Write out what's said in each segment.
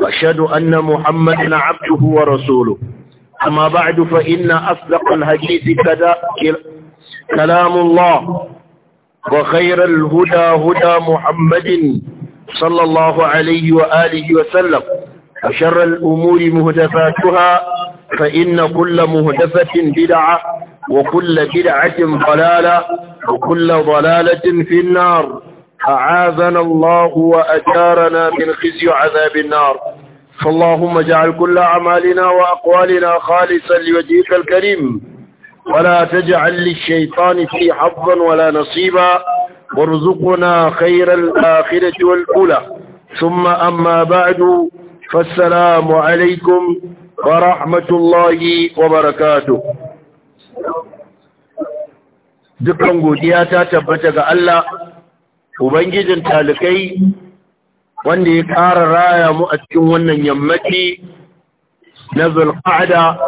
وأشهد أن محمدا عبده ورسوله أما بعد فإن أصدق الحديث كلام الله وخير الهدى هدى محمد صلى الله عليه وآله وسلم وشر الأمور مهدفاتها فإن كل مهدفة بدعة وكل بدعة ضلالة وكل ضلالة في النار أعاذنا الله وأجارنا من خزي عذاب النار فاللهم اجعل كل أعمالنا وأقوالنا خالصا لوجهك الكريم ولا تجعل للشيطان في حظا ولا نصيبا وارزقنا خير الآخرة والأولى ثم أما بعد فالسلام عليكم ورحمة الله وبركاته dukkan godiya ta tabbata ga Allah ubangijin talikai wanda ya ƙara raya mu a cikin wannan yammaci na zulqa'da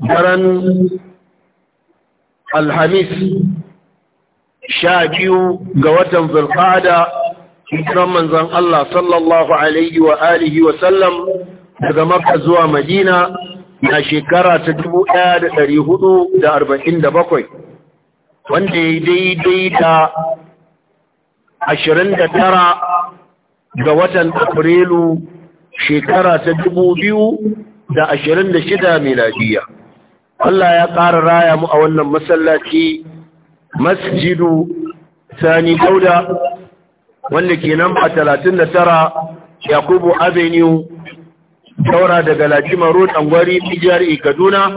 daren alhamis sha biyu ga watan zulqa'da kiran manzon Allah sallallahu alaihi wa alihi wa sallam daga maka zuwa Madina na shekara ta 1447 wanda ya daidai da ashirin da tara ga watan afrilu shekara ta dubu biyu da ashirin da shida miladiya Allah ya ƙara raya mu a wannan masallaci masjidu sani dauda wanda ke nan a talatin da tara yakubu avenue daura daga lajimar road angwari pjr kaduna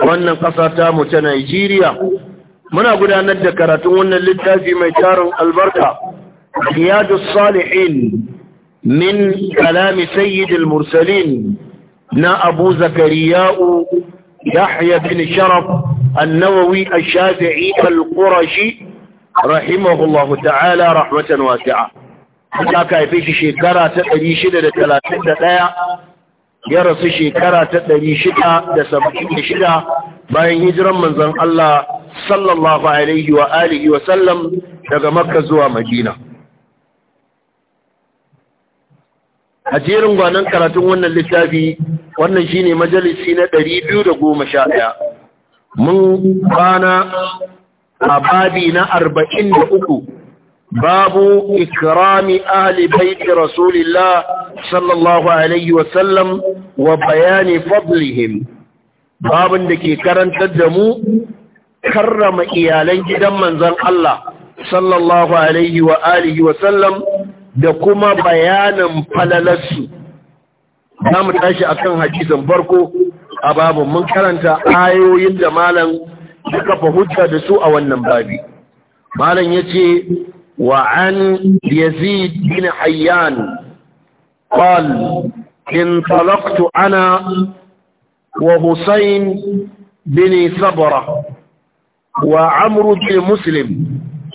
wannan ƙasa ta mu ta nigeria muna gudanar da karatun wannan littafi mai tarin albarka riyadus salihin min kalami sayyidil mursalin na abu zakariya'u yahya bin sharaf annawawi ash-shafi'i al-qurashi rahimahullahu ta'ala rahmatan wasi'a aka haife shi shekara ta 631 ya rasu shekara ta 676 bayan hijiran manzon Allah sallallahu alaihi wa alihi wa sallam daga makka zuwa madina a jerin gwanon karatun wannan littafi wannan shi ne majalisi na 211 mun kwana a babi na 43 babu ikrami ahli baiti rasulillah sallallahu alaihi wa sallam wa bayani fadlihim babin da ke karantar da mu karrama iyalan gidan manzon Allah sallallahu alaihi wa alihi wa sallam da kuma bayanin falalarsu za mu tashi kan hadisin farko a babu mun karanta ayoyin da malam ya kafa hujja da su a wannan babi malam yace wa an yazid bin hayyan talaqtu ana wa وحسين بن صبره وعمر بن مسلم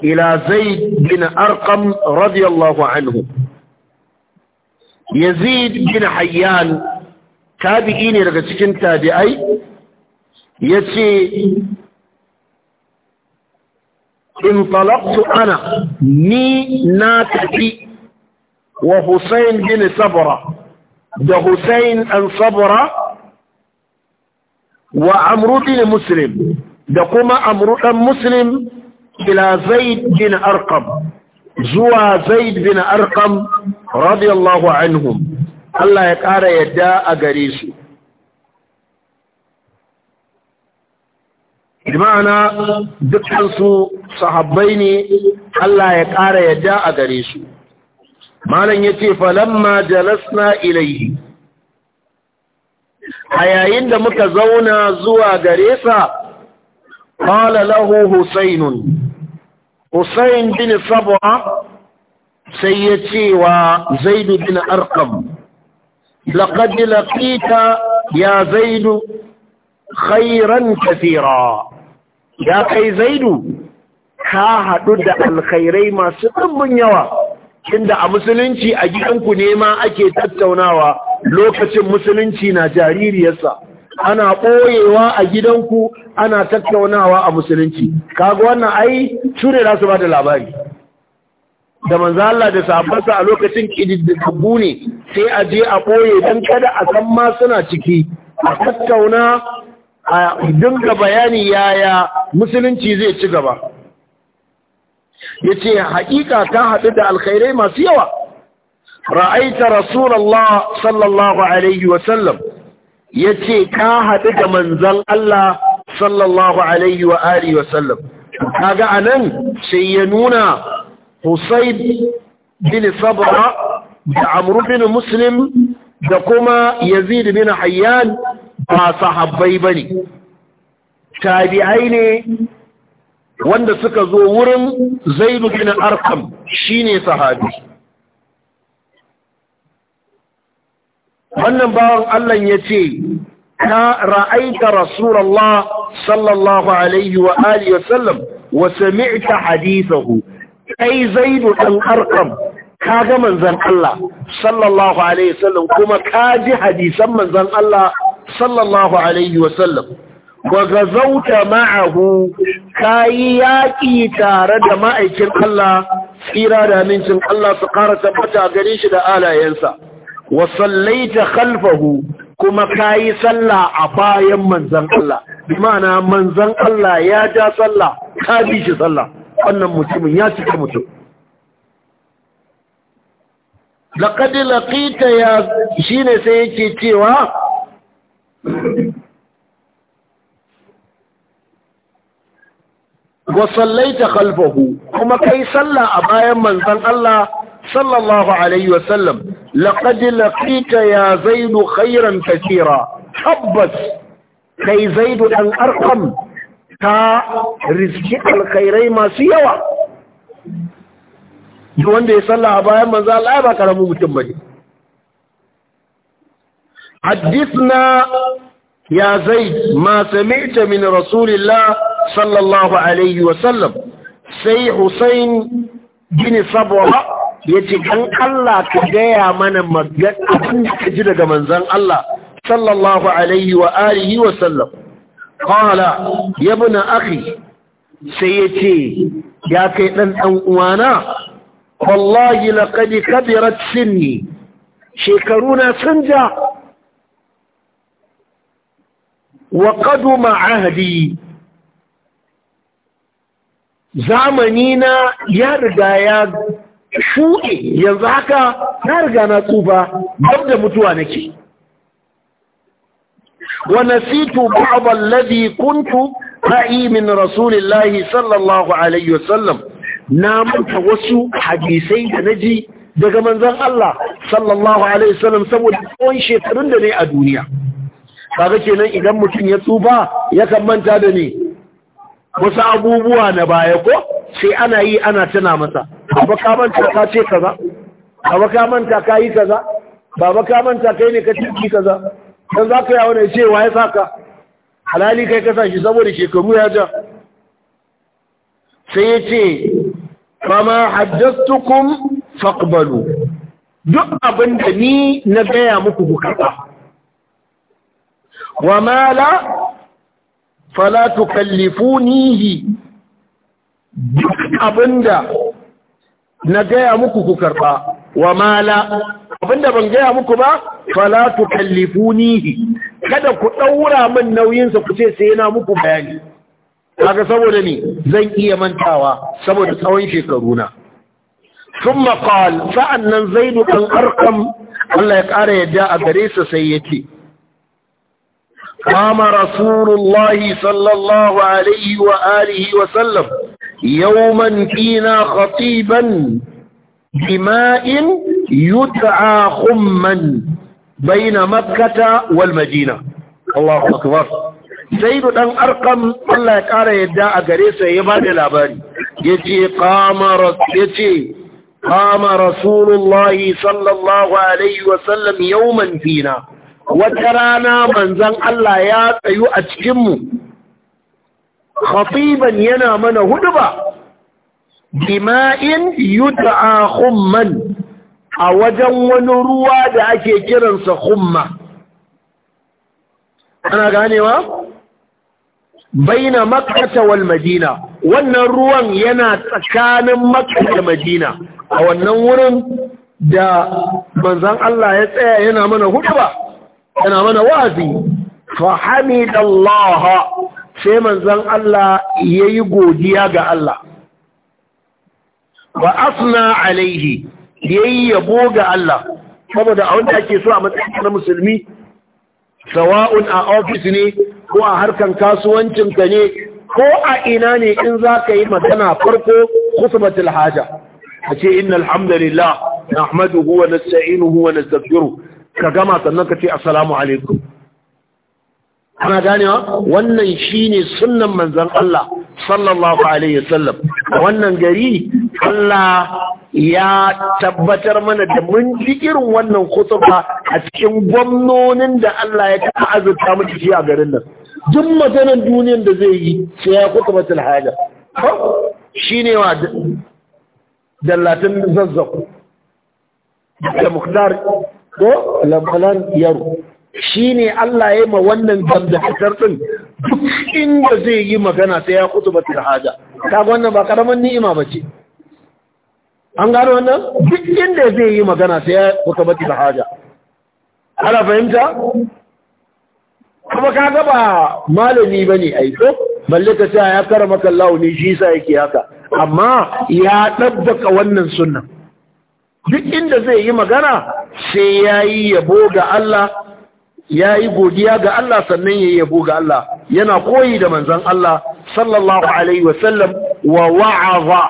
إلى زيد بن أرقم رضي الله عنه يزيد بن حيان تابعين رغتكين تابعي يتي انطلقت أنا ني ناتبي وحسين بن صبرة ده حسين أن صبرة وعمر بن مسلم da kuma amru muslim ila zaid bin arkam zuwa zaid bin arkam radiyallahu anhum Allah ya ƙara yadda a gare su bimana dukansu sahabbai ne Allah ya ƙara yadda a gare su malam ya ce falamma jalasna ilaihi a yayin da muka zauna zuwa gare sa qala lahu husainun husain bin sai ya cewa zaidu bin arqam laqad laqita ya zaidu khairan kathira ya kai zaidu ka haɗu da alkhairai masu ɗumbin yawa inda a musulunci a gidanku ne ma ake tattaunawa lokacin musulunci na jaririyarsa ana ɓoyewa a gidanku ana tattaunawa a musulunci kaga wannan ai cure za su ba da labari da manzo Allah da sahabbansa a lokacin kididdigu ne sai a je a ɓoye don kada a san ma suna ciki a tattauna a dinga bayani yaya musulunci zai ci gaba yace haƙiƙa ta haɗu da alkhairai masu yawa ra'aita rasulullah sallallahu alaihi wa ya ce ka haɗu da manzan Allah sallallahu alaihi wa alihi wa sallam kaga anan sai ya nuna Husayn bin Sabra da Amr bin Muslim da kuma Yazid bin Hayyan ba sahabbai bane tabi'ai ne wanda suka zo wurin Zaid bin shi shine sahabi wannan bawan Allah ya ce na ra'aita rasulallah sallallahu alaihi wa alihi wa sallam wa sami'ta hadithahu kai zaidu ɗan arqam ka ga manzan Allah sallallahu alaihi wa sallam kuma ka ji hadisan manzon Allah sallallahu alaihi wa sallam wa gazauta ma'ahu kayi yaƙi tare da ma'aikin Allah tsira da amincin Allah su ƙara tabbata gare shi da alayensa wa sallaita khalfahu kuma kayi sallah a bayan manzon Allah bi ma'ana manzon Allah ya ja sallah ka bi shi sallah wannan mutumin ya cika mutum laqad laqita ya shine sai yake cewa wa sallaita khalfahu kuma kai sallah a bayan manzon Allah sallallahu alaihi wa sallam. لقد لقيت ya zaidu خيرا كثيرا tabbas kai zaidu ɗan arkam ta riski alkhairai masu yawa wanda ya salla a bayan manzo Allah ba karamin mutum Haddis na ya zaid ma sami'ta min rasulillah sallallahu alaihi sai husain gini sabuwa. ya ce ɗan Allah ka gaya mana abin da ka ji daga manzan Allah sallallahu alaihi wa alihi wa sallam kawala ya na aki sai ya ce ya kai ɗan ɗan uwana wallahi laƙadi kabirat sinni shekaru na sun ja wa ƙaduma ahadi zamani na ya riga ya shuɗe yanzu haka na riga na tsufa don da mutuwa nake wa nasitu ba'd alladhi kuntu ra'i min rasulillahi sallallahu alaihi wasallam na manta wasu hadisai da na ji daga manzan Allah sallallahu alaihi wasallam saboda tsawon shekarun da ne a duniya kaga kenan idan mutum ya tsufa yakan manta da ni wasu abubuwa na baya ko sai ana yi ana tana masa baba ka manta ka ce kaza baba ka manta ka yi kaza baba ka manta kai ne ka ci kaza dan za ka yawo ne ce wa ya saka halali kai ka sashi shi saboda shekaru ya ja sai ya ce ma haddastukum faqbalu duk abin da ni na gaya muku bukata wa mala fala tukallifunihi duk abin da na gaya muku ku karɓa wa mala abinda ban gaya muku ba fala tukallifunihi kada ku daura min nauyin sa ku ce sai yana muku bayani kaga saboda ni zan iya mantawa saboda tsawon shekaru na thumma qal sa'annan zaid bin arqam Allah ya ƙara yadda a gare sa sai yace qama rasulullahi sallallahu alaihi wa alihi wa sallam Yau ƙina katiban jima'in yud'a khumman baina makkata walmadina. madina Allahu akbar Zaidu dan Arqam Allah ya kara yadda a gare ya ba da labari yace qama yace qama rasulullah sallallahu alaihi wasallam yawman fina wa tarana manzon Allah ya tsayu a cikin mu khatiban yana mana huduba bima'in yud'a khumman a wajen wani ruwa da ake kiransa khumma ana ganewa baina makkata wal madina wannan ruwan yana tsakanin makka da madina a wannan wurin da manzan Allah ya tsaya yana mana huduba yana mana wa'azi fa hamidallaha sai manzon Allah yayi godiya ga Allah wa asna alaihi yi yabo ga Allah saboda a wanda ake so a matsayin na musulmi sawa'un a ofis ne ko a harkan kasuwancinka ne ko a ina ne in za ka yi magana farko khutbatul haja a ce inna alhamdulillah nahmaduhu wa nasta'inuhu wa nastaghfiruh ka gama sannan ka ce assalamu alaikum ana ganewa wannan shine sunnan manzon Allah sallallahu alaihi wasallam wannan gari Allah ya tabbatar mana da mun ji irin wannan kutuba a cikin gwamnonin da Allah ya taɓa azurta mu shi a garin nan duk maganar duniyar da zai yi sai ya kutuba tilhaja shine wa dallatin zazzaku da muktar ko lambalan yaro shi ne Allah ya yi ma wannan gamdatar ɗin duk inda zai yi magana sai ya kutu batir haja ta wannan ba ƙaramin ni'ima ba ce an gano wannan duk inda zai yi magana sai ya kutu batir haja ana fahimta kuma ka gaba malami ba ne ko balle ka sa ya kara maka launi shi sa yake haka amma ya ɗabbaka wannan sunan duk inda zai yi magana sai ya yi yabo ga Allah ya yi godiya ga Allah sannan ya yabo ga Allah yana koyi da manzan Allah sallallahu alaihi wasallam wa wa'aza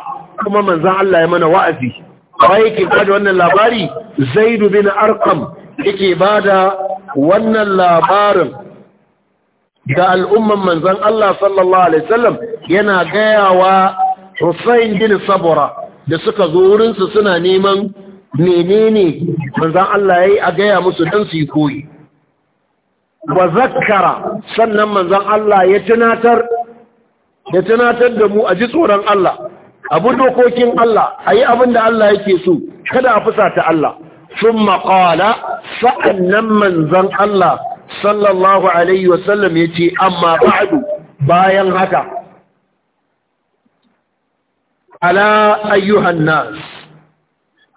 kuma manzan Allah ya mana wa'azi ba yake bada wannan labari zaidu bin arkam yake bada wannan labarin ga al'umman manzan Allah sallallahu alaihi wasallam yana gayawa Hussein bin Sabura da suka zo wurinsu suna neman menene manzan Allah ya yi a gaya musu don su yi koyi wa zakkara sannan manzon Allah ya tunatar da mu a ji tsoron Allah abu dokokin Allah a yi abin da Allah yake so kada a fusata Allah sun maƙala sa'annan manzon Allah sallallahu alaihi wasallam ya ce amma ba'adu bayan haka ala ayyuhan nas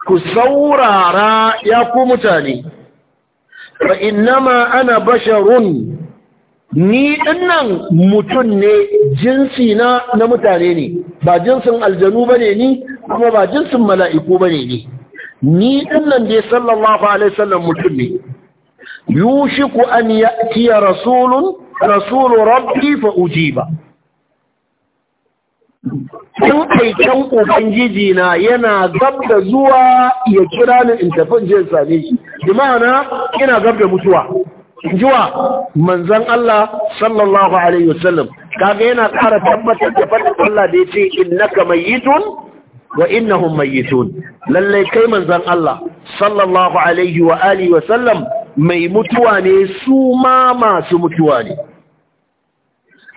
ku saurara ya ku mutane fa innama ana basharun ni dinnan mutum ne jinsi na na mutane ne ba jinsin aljanu bane ni kuma ba jinsin mala'iku bane ni ni dinnan dai sallallahu alaihi wasallam mutum ne yushiku an ya'tiya rasulun rasulu rabbi fa ujiba in aikin ubangiji na yana gab da zuwa ya kira ni in tafi je same shi bi ma'ana ina gab da mutuwa jiwa manzon Allah sallallahu alaihi wasallam kaga yana ƙara tabbatar da fadin Allah da yace innaka mayyitun wa innahum mayyitun lalle kai manzon Allah sallallahu alaihi wa alihi wasallam mai mutuwa ne su ma masu mutuwa ne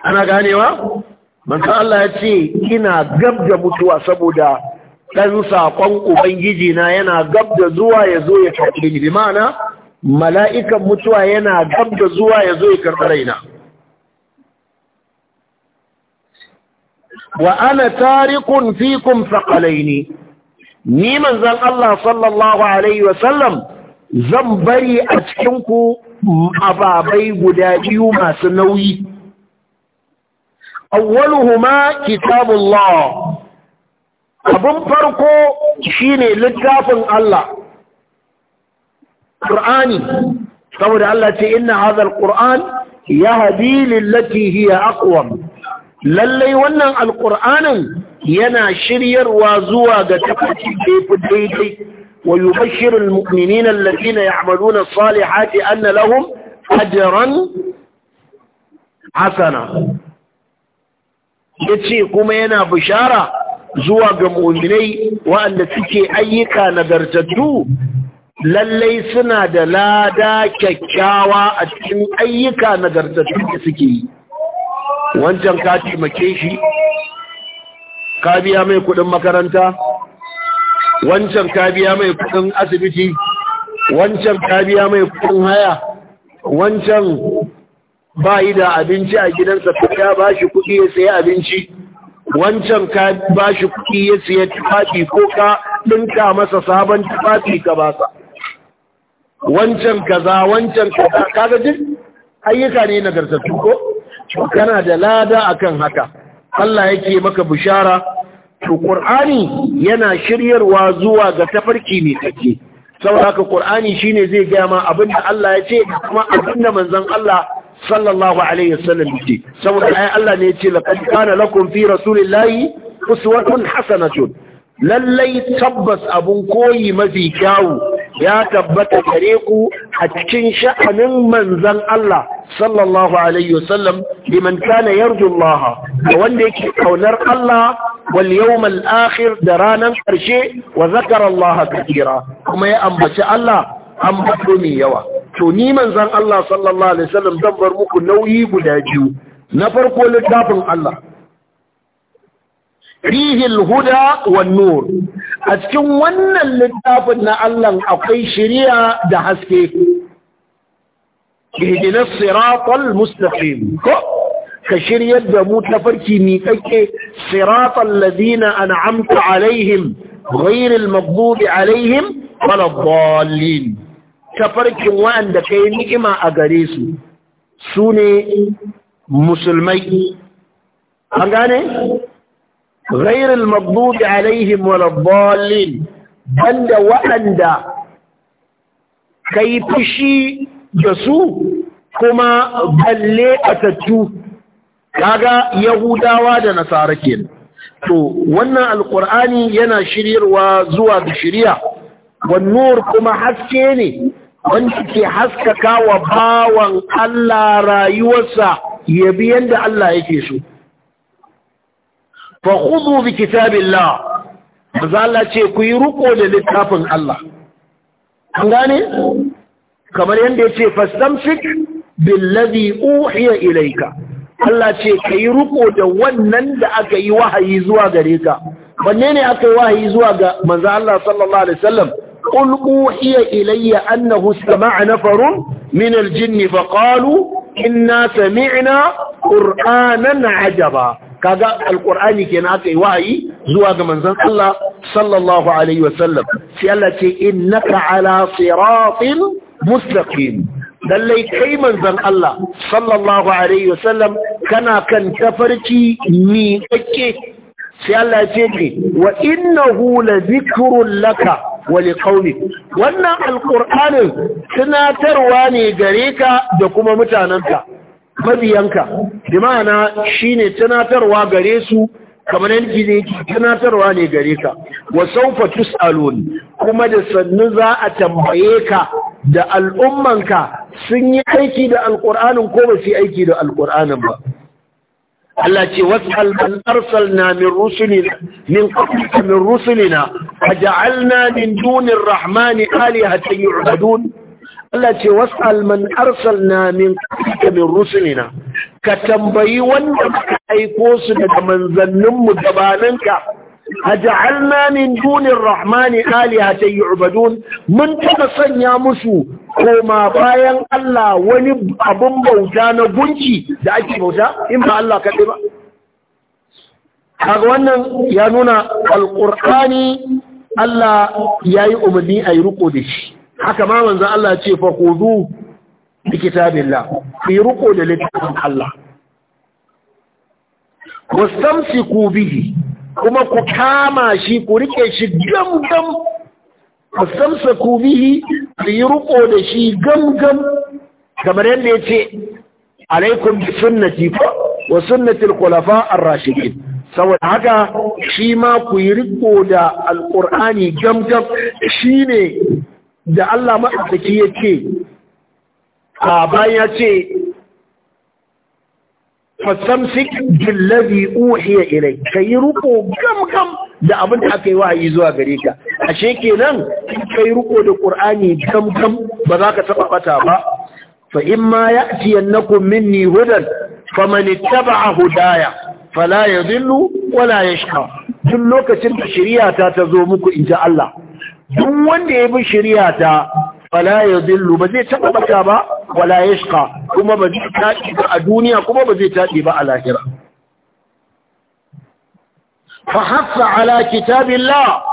ana ganewa manzo Allah ya ce ina gab da mutuwa saboda ɗan saƙon ubangiji na yana gab da zuwa ya zo ya karɓi ni ma'ana mala'ikan mutuwa yana gab da zuwa ya zo ya karɓi raina wa ana tarikun fikum ne. ni manzon Allah sallallahu alaihi wasallam zan bari a cikin ku ababai guda biyu masu nauyi awwaluhuma kitabullah abun farko shine littafin Allah Qur'ani saboda Allah ce inna hadha alquran yahdi lillati hiya aqwam lallai wannan alqur'anin yana shiryarwa zuwa ga tafarki da daidai wa yubashshiru almu'minina alladhina ya'maluna salihati anna lahum ajran hasana ya ce kuma yana bishara zuwa ga muminai waɗanda suke ayyuka nagartattu lallai suna da lada kyakkyawa a cikin ayyuka nagartattu da suke yi wancan ka taimake shi ka biya mai kuɗin makaranta wancan ka biya mai kuɗin asibiti wancan ka biya mai kuɗin haya wancan ba yi da abinci a gidansa Ya ba shi kuɗi ya sayi abinci wancan ka ba shi kuɗi ya sayi tufafi ko ka ɗinka masa sabon tufafi ka ba sa wancan kaza wancan kaza kaga duk ayyuka ne nagartattu ko kana da lada akan haka Allah yake maka bishara to Qur'ani yana shiryarwa zuwa ga tafarki ne take saboda Qur'ani shine zai ga ma abinda Allah ya ce kuma abinda manzon Allah sallallahu alaihi wasallam yake saboda ai Allah ne yace laqad kana lakum fi rasulillahi uswatun hasanatun lallai tabbas abun koyi mafi kyawu ya tabbata gare ku a cikin sha'anin manzon Allah sallallahu alaihi wasallam liman kana yarju Allah wanda yake kaunar Allah wal yawmal akhir da ranar karshe wa zakara Allah kathira kuma ya ambaci Allah ambato mai yawa to ni manzon Allah sallallahu alaihi wasallam zan bar muku nauyi guda biyu na farko littafin Allah rihil huda wan nur a cikin wannan littafin na Allah akwai shari'a da haske ihdina siratal mustaqim ko ka shiryar da mu tafarki ni kake siratal ladina an'amta alaihim ghayril makbubi alaihim waladdallin tafarkin wa'anda ka yi ni'ima a gare su su ne musulmai an gane? ghairul magdubi alaihim walabballin banda waɗanda ka yi fushi da su kuma balle a tattu kaga yahudawa da nasara ke to wannan Alƙur'ani yana shiryarwa zuwa ga shirya wannan kuma haske ne wanda ke haskaka wa bawan Allah rayuwarsa ya bi yadda Allah yake so fa khudhu bi kitabin maza Allah ce ku yi ruko da littafin Allah an gane kamar yadda ya yace fastamsik billadhi uhiya ilaika. Allah ce ka yi ruko da wannan da aka yi wahayi zuwa gare ka wanne ne aka yi wahayi zuwa ga manzo Allah sallallahu alaihi wasallam قل أوحي إلي أنه استمع نفر من الجن فقالوا إنا سمعنا قرآنا عجبا kaga alqur'ani kenan aka yi wahayi zuwa ga manzon Allah sallallahu alaihi wasallam sai Allah ce innaka ala siratin lallai kai manzon Allah sallallahu alaihi wasallam kana kan tafarki ni kake sai Allah ce wa innahu la dhikrun laka Wani kauni wannan alƙur'anin tunatarwa ne gare ka da kuma mutanenka mabiyanka bi shi shine tunatarwa gare su kamar yanki ne tunatarwa ne gare ka wa tus'alun kuma da sannu za a tambaye ka da al'ummanka sun yi aiki da alƙur'anin ko ba su yi aiki da alƙur'anin ba Allah ce wasal man arsalna min rusulina min qablika min rusulina waja'alna min duni ar-rahmani alihatan yu'badun Allah ce wasal man arsalna min qablika min rusulina ka tambayi wanda ka aiko su daga manzanninmu gabaninka أجعلنا من دون الرحمن آلهة يعبدون من تتسن يا مسو كما باين الله ونب أبن بوجان بنجي دا أجي بوتا إما الله كتبا أغوانا يانونا القرآن الله يأي أمني أي رقودش haka ma manzo Allah ce fa khudu bi kitabillah fi ruqu da littafin Allah wastamsiku bihi kuma ku kama shi ku rike shi gam gam samsa ku bihi ku yi ruko da shi gam gam kamar yadda ya ce alaikum bi sunnati fa wa sunnati al-khulafa ar-rashidin saboda haka shi ma ku yi ruko da alqur'ani gam gam shine da Allah madaukaki ya ce bayan ya ce fasamsik billazi uhiya ilai kai ruko gam gam da abin da aka yi wa'ayi zuwa gare ka ashe kenan kai ruko da qur'ani gam gam ba za ka taba bata ba fa ya'ti ya'tiyannakum minni hudan faman ittaba'a hudaya fala yadhillu wala yashqa duk lokacin da shari'a ta zo muku inji Allah duk wanda ya bi shari'a ta fala yadillu ba zai taba baka ba wala yashqa kuma ba zai taɗi ba a duniya kuma ba zai taɗi ba a lahira fa haffa ala kitabillah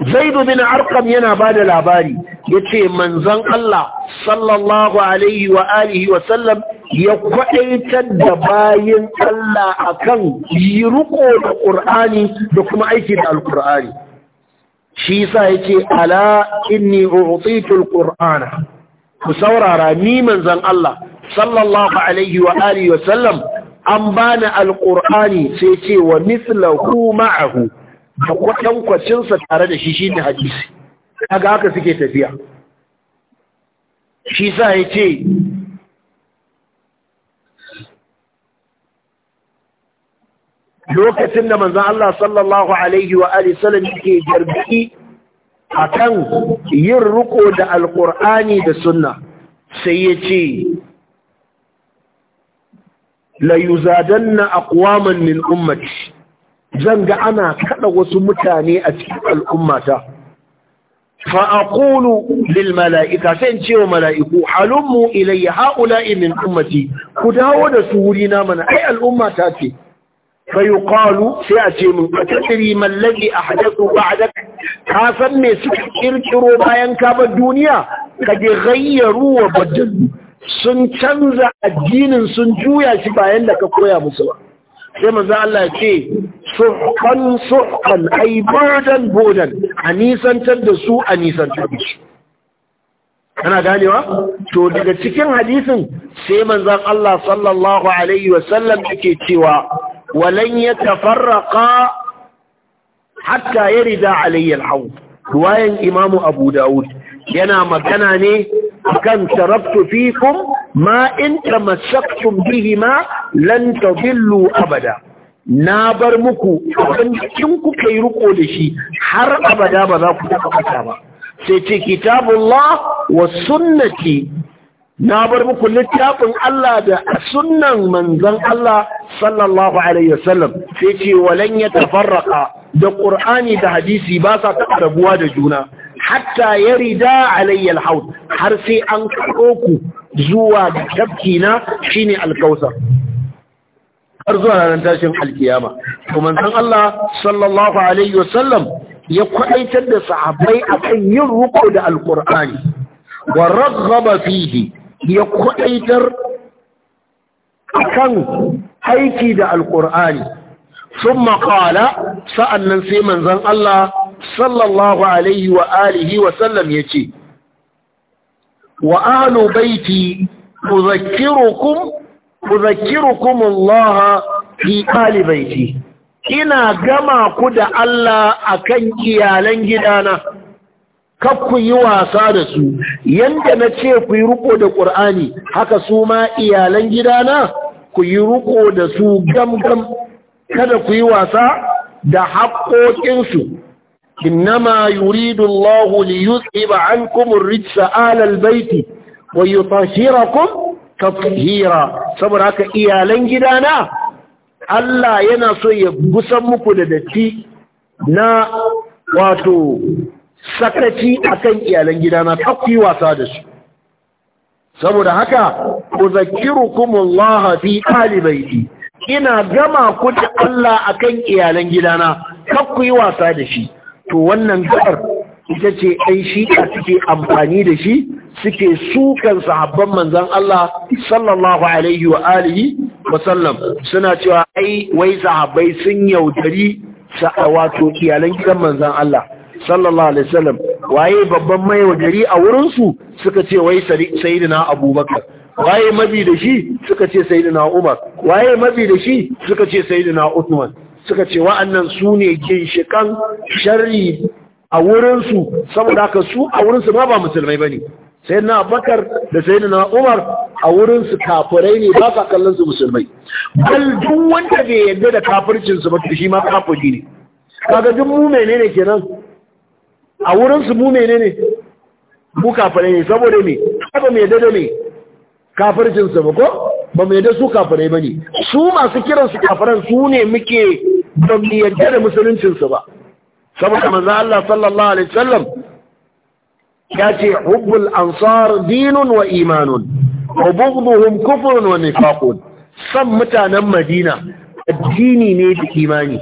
Zaid bin Arqam yana bada labari yace manzon Allah sallallahu alaihi wa alihi wa sallam ya kwadaitar da bayin Allah akan yi riko da Qur'ani da kuma aiki da al shi ya yace ala inni u'titu alqur'ana ku saurara ni manzon Allah sallallahu alaihi wa alihi wa sallam an bani Alƙur'ani sai ce wa mithlahu ma'ahu da tare da shi shine hadisi kaga haka suke tafiya shi ya yace lokacin da manzan Allah sallallahu Alaihi wa ke jarbi a kan yin riko da alƙur'ani da sunna sai ya ce layuzadan na akwaman min ummati, zan ga ana kada wasu mutane a cikin al'ummata fa'aƙulu lil mala'ika sai ce wa mala'iku halummu ilayya ha'ula'i min ummati ku dawo da su wuri na mana ai al'ummata ce فيقال سيأتي من فتدري ما الذي أحدثه بعدك كافن سكركروا باين كاب الدنيا قد غيروا وبدلوا sun canza addinin sun juya shi bayan da ka koya musu ba sai manzo Allah ce suhqan suhqan ay burdan a nisantar da su a nisantar da kana ganewa to daga cikin hadisin sai manzon Allah sallallahu alaihi wasallam yake cewa ولن يتفرقا حتى يرد علي الحوض روايه امام ابو داود yana magana ne kan taraftu fikum ma in tamassaktum bihi ma lan tadillu abada na bar muku kin ku yi ruko da shi har abada ba za ku taba ba sai ce kitabullah wa sunnati na bar muku littafin Allah da sunnan manzon Allah sallallahu alaihi wasallam sai ce walan ya tafarraqa da qur'ani da hadisi ba sa taɓa rabuwa da juna hatta yarida alayya alhaud har sai an karo ku zuwa ga tafki na shine alkausar har zuwa ranar tashin alkiyama to manzon Allah sallallahu alaihi wasallam ya kwaɗaitar da sahabbai akan yin ruko da alqur'ani wa raghaba fihi ya kwaɗaitar kan aiki da Alƙur'ani. sun maƙala sa'annan sai manzan Allah sallallahu alaihi wa alihi wa sallam ya ce wa ahlu baiti kuzakkirukum kuzakkirukum Allah fi ahli baiti ina gama ku da Allah akan iyalan gidana kar ku yi wasa da su yanda na ce ku yi riko da ƙur'ani haka su ma iyalan gidana ku yi riko da su gamgam kada ku yi wasa da haƙoƙinsu innama yuridu Allah li yuzhiba ankum ar-rijsa ala al bayt wa yutahhirakum tatheera saboda haka iyalan gidana Allah yana so ya gusan muku da datti na wato sakaci akan iyalan gidana ta wasa da su saboda haka uzakkirukumullah fi ɗalibai ina gama ku Allah akan iyalan gidana ta wasa da shi to wannan gabar ita ce ɗan a suke amfani da shi suke sukan sahabban manzan Allah sallallahu alaihi wa alihi wa sallam suna cewa ai wai sahabbai sun yaudari wato iyalan gidan manzan Allah sallallahu alaihi wasallam waye babban mai wa gari a wurin su suka ce wai sayyidina abubakar waye mabi da shi suka ce sayyidina umar waye mabi da shi suka ce sayyidina uthman suka ce wa'annan su ne ginshikan sharri a wurin su saboda haka su a wurin su ma ba musulmai bane sayyidina abubakar da sayyidina umar a wurin su kafirai ne ba sa kallon su musulmai bal duk wanda bai yarda da kafircin su ba to shi ma kafiri ne kaga duk mu menene kenan a wurinsu mu menene mu kafare ne saboda ne ba mu yadda da me kafircinsu ba ko ba mu yadda su kafare ba ne su masu kiransu kafaren su ne muke ba mu yadda da musuluncinsu ba saboda manzo Allah sallallahu alaihi wasallam ya ce hubbul ansar dinun wa imanun wa bughduhum kufrun wa nifaqun san mutanen Madina addini ne da imani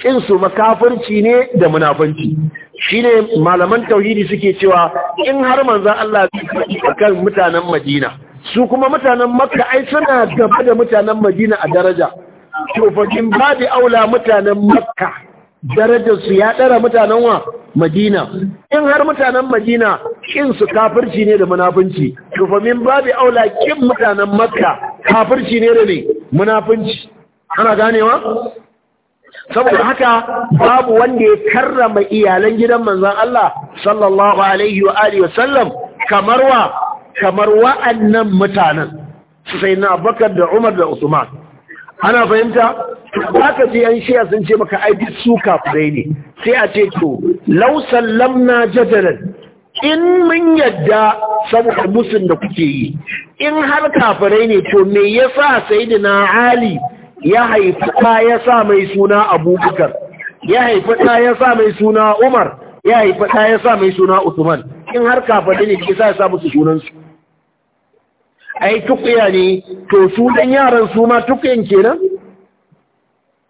kin su makafirci ne da munafanci Shi ne malaman tauhidi suke cewa in har manzan Allah zai a akan mutanen Madina su kuma mutanen Makka ai suna gaba da mutanen Madina a daraja to fa kin aula mutanen Makka darajar ya dara mutanen wa Madina in har mutanen Madina kin su kafirci ne da munafunci to fa min aula kin mutanen Makka kafirci ne da ne munafunci ana ganewa saboda haka babu wanda ya karrama iyalan gidan manzon Allah sallallahu alaihi wa alihi wasallam kamar wa kamar wa'annan mutanen su sai na Abubakar da Umar da Usman ana fahimta haka ce an shiya sun ce maka ai duk su kafirai ne sai a ce to law sallamna jadalan in mun yadda saboda musun da kuke yi in har kafirai ne to me yasa sayyidina Ali ya haifi ɗa ya sa mai suna abubakar ya haifi ɗa ya sa mai suna umar ya haifi ɗa ya sa mai suna usman in har kafaɗi ne ke sa ya sa musu sunansu ai tukuya ne to su ɗan yaran su ma tukuyan kenan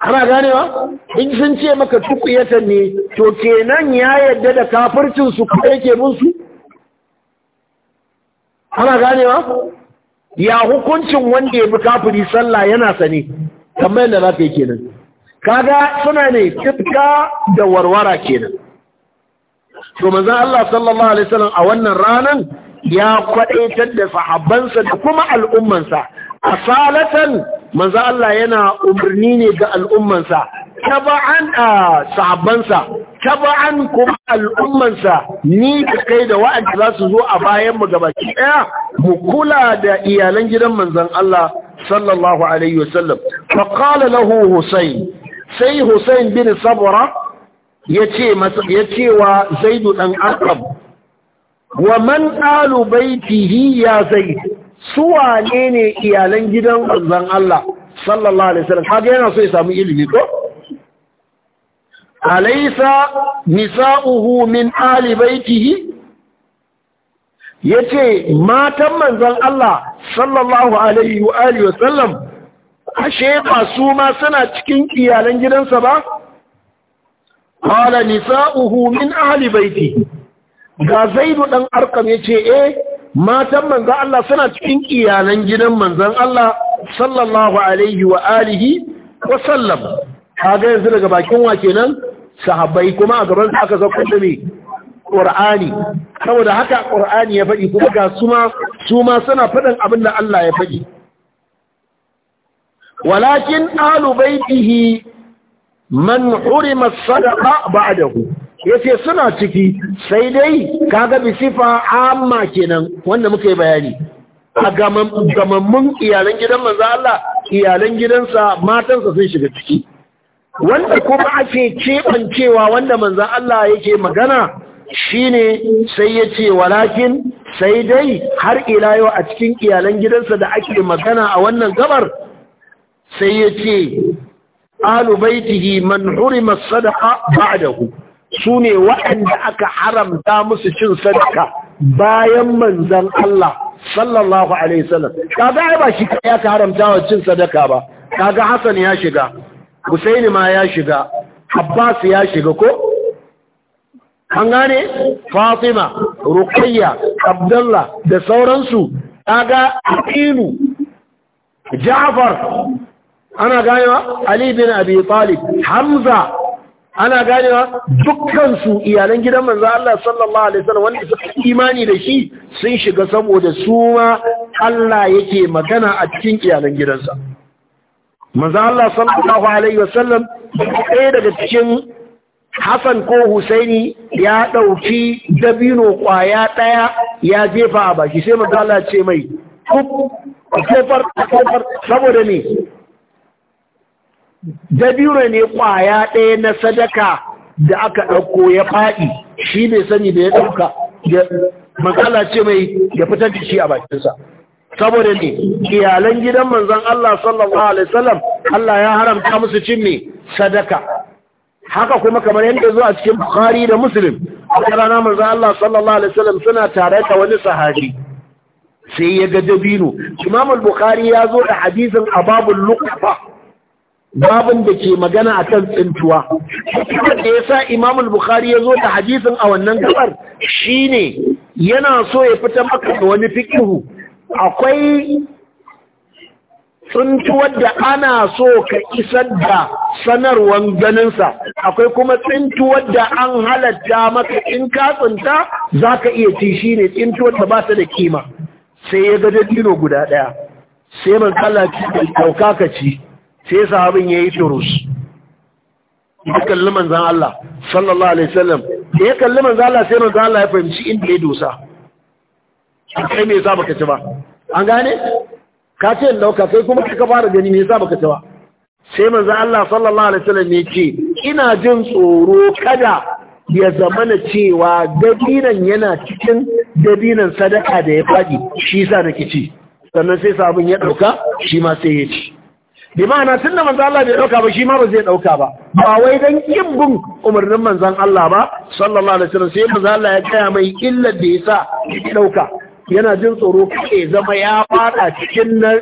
ana ganewa in sun ce maka tukuyatan ne to kenan ya yadda da kafircinsu ko yake musu ana ganewa ya hukuncin wanda ya bi kafiri sallah yana sane kamar yadda za ka yi kenan kaga suna ne tifka da warwara kenan to manzon Allah sallallahu alaihi wasallam a wannan ranan ya kwadaitar da sahabbansa da kuma al'ummansa asalatan manzon Allah yana umarni ne ga al'ummansa taba'an sahabbansa taba'an kuma al'ummansa ni da kai da wa'anda za su zo a bayan mu gabaki daya mu kula da iyalan gidan manzon Allah sallallahu alaihi wasallam fa qala lahu sai husayn bin sabra ya masa yace wa zaid dan arqam wa man alu baitihi ya zaid su wane ne iyalan gidan manzon Allah sallallahu alaihi wasallam Haka yana so ya samu ilimi ko alaysa nisa'uhu min ali baitihi ya ce matan manzan Allah sallallahu alaihi wa wa sallam ashe ba su ma suna cikin iyalan gidansa ba qala nisa'uhu min ahli baiti ga zaidu dan arkam ce e, eh, matan manzan Allah suna cikin iyalan gidan manzan Allah sallallahu alaihi wa alihi wa sallam yanzu daga bakin wa kenan sahabbai kuma a gaban aka da mai ƙor'ani saboda haka Qur'ani ya faɗi kuma ga su ma suna faɗin abin da Allah ya faɗi walakin ahlu baitihi man hurima sadaqa Ya ce suna ciki sai dai kaga bi sifa amma kenan wanda muka yi bayani a gamammun iyalan gidan manzo Allah iyalan gidansa matansa sun shiga ciki wanda kuma ake kebancewa wanda manzan Allah yake magana shine sai ya ce walakin sai dai har ila yau a cikin iyalan gidansa da ake magana a wannan gabar sai ya ce alubaitihi man hurima sadaqa ba'dahu sune waɗanda aka haramta musu cin sadaka bayan manzan Allah sallallahu alaihi wasallam kaga ba shi ya ka haramta wa cin sadaka ba kaga Hassan ya shiga Husaini ma ya shiga Abbas ya shiga ko an gane fatima ruqayya abdullah da sauransu kaga aqilu ja'far ana ganewa ali bin abi talib hamza ana ganewa dukkan su iyalan gidan manzo Allah sallallahu alaihi wasallam wanda suka imani da shi sun shiga saboda su ma Allah yake magana a cikin iyalan gidansa manzo Allah sallallahu alaihi wasallam ɗaya daga cikin Hassan ko Husaini ya ɗauki dabino ƙwaya ɗaya ya jefa a baki sai magana ce mai kofar kofar saboda ne dabino ne ƙwaya ɗaya na sadaka da aka ɗauko ya faɗi shi bai sani da ya ɗauka magana ce mai ya fitar da shi a bakinsa saboda ne iyalan gidan manzon Allah sallallahu alaihi wasallam Allah ya haramta musu cin ne sadaka haka kuma kamar yadda zuwa cikin bukhari da muslim a rana manzo Allah sallallahu alaihi wasallam suna tare da wani sahari, sai ya ga dabino Imamul al-bukhari ya zo da hadisin ababul luqfa babin da ke magana akan tsintuwa da ya sa Imamul bukhari ya zo da hadisin a wannan gabar shine yana so ya fita maka da wani fikihu akwai tsintuwar da ana so ka isar da sanarwar ganinsa akwai kuma tsintuwar da an halatta maka in ka tsinta za ka iya ci shi ne tsintuwar da ba ta da kima sai ya gada dino guda ɗaya sai man kala ci da ɗauka ka ci sai sahabin ya yi turus ya kalli manzan Allah sallallahu alaihi wasallam da ya kalli manzan Allah sai manzan Allah ya fahimci inda ya dosa kai me yasa baka ci ba an gane ka ce in dauka sai kuma ka fara gani me yasa baka ci ba sai manzo Allah sallallahu alaihi wasallam ya ce ina jin tsoro kada ya zamana cewa dabinan yana cikin dabinan sadaka da ya fadi shi yasa nake ci sannan sai sabun ya dauka shi ma sai ya ci bi ma'ana tun da Allah bai ɗauka ba shi ma ba zai ɗauka ba ba wai dan yin bin umarnin manzan Allah ba sallallahu alaihi wasallam sai manzo Allah ya kaya mai illar da yasa ya ɗauka yana jin tsoro kai zama ya fada cikin na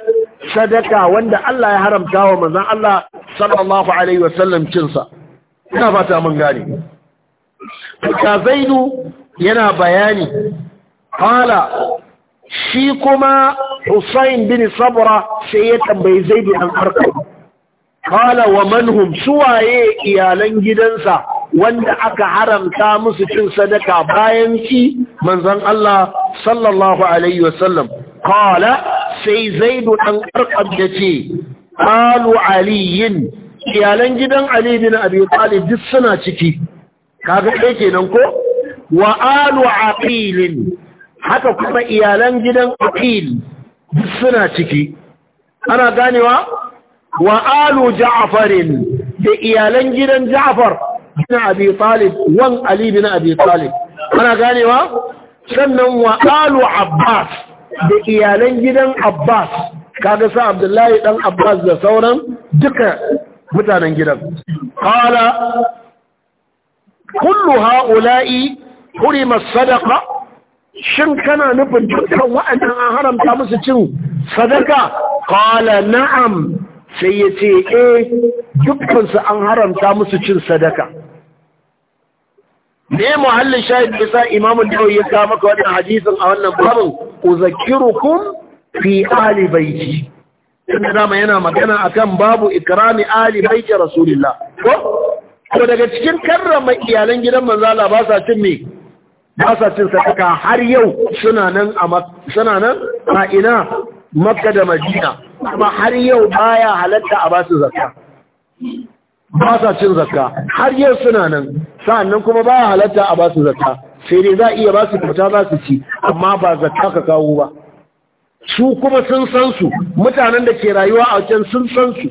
sadaka wanda Allah ya haramta wa manzon Allah sallallahu alaihi wasallam cin sa ina fata mun gane ka zainu yana bayani qala shi kuma Husain bin Sabra sai ya tambayi Zaid an Arqam qala wa manhum suwaye iyalan gidansa wanda aka haramta musu cin sadaka bayan ki? Manzan Allah sallallahu alaihi wasallam qala sai zaidu ɗan ƙarƙar da ce qalu aliyin iyalan gidan ali bin abi talib duk suna ciki kaga dai kenan ko wa alu aqil haka kuma iyalan gidan aqil duk suna ciki ana ganewa wa alu ja'farin da iyalan gidan ja'far na abi talib wan ali bin abi talib ana ganewa sannan wa alu abbas da iyalan gidan abbas kaga sa abdullahi dan abbas da sauran duka mutanen gidan qala kullu haula'i hurima sadaqa shin kana nufin dukkan wa'annan an haramta musu cin sadaka qala na'am sai yace eh dukkan su an haramta musu cin sadaka me muhallin shahid bisa imamu dawo ya ga maka wannan hadisin a wannan babin uzakirukum fi ahli baiti inda dama yana magana akan babu ikrami ahli baiti rasulillah ko ko daga cikin karrama iyalan gidan manzala ba sa cin me ba sa cin sadaka har yau suna nan a ina makka da madina kuma har yau baya halatta a ba su ba sa cin zakka har yau suna nan sa'annan kuma ba halatta a ba su zakka sai dai za a iya ba su kyauta za su ci amma ba zakka ka kawo ba su kuma sun san su mutanen da ke rayuwa a can sun san su